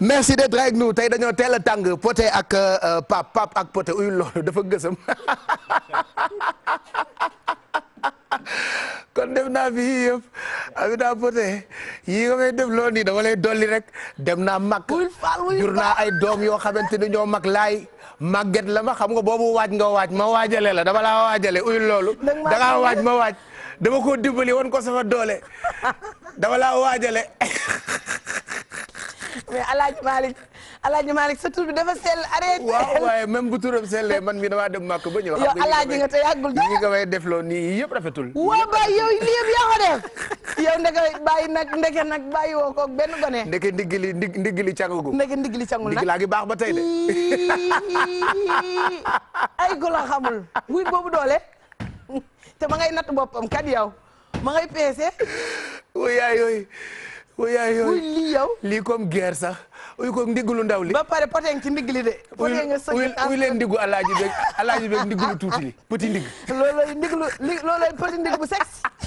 merci d'être avec nous tey dañoo teel a tàng poté ak pap euh, pap ak poté uyu loolu dafa gësam kon def naa fi yii yëpp Amina Poté yii nga def loo nii dama lay dolli rek dem naa mag jur naa ay doom yoo xamante ni ñoo mag laay màgget la ma xam nga boobu waaj nga waaj ma waajale la dama laa waajale uyul loolu da waaj ma waaj dama ko dimbali woon ko sama doole dama laa waajale mais El Hadj Malick El Hadj bi dafa sell arrêté. waaw waaye même bu turam man mi damaa dem màkk ba ñëw. yow El Hadj nga nii yëpp rafetul. waaw ba yow lii yëpp yaa def yow ndeke bàyyi nag ndeke nag bàyyi woo ko benn gone. ndeke ndigili ndig ndigili cangagu. ndeke ndigili cangul nag ndigilaa ngi baax ba tey de. ay golo xamul muy boobu doole te ma ngay boppam kat yow ma peese. waaye yooyu. uy lii yow lii comme guerre sax uy comme ndiglu ndaw li ba pare poteng ci ndigli de poteng nga sëñ uy leen ndiggu alaaji beeg alaaji beeg ndiglu tuuti li petit ndig looloy ndiglu bu sexe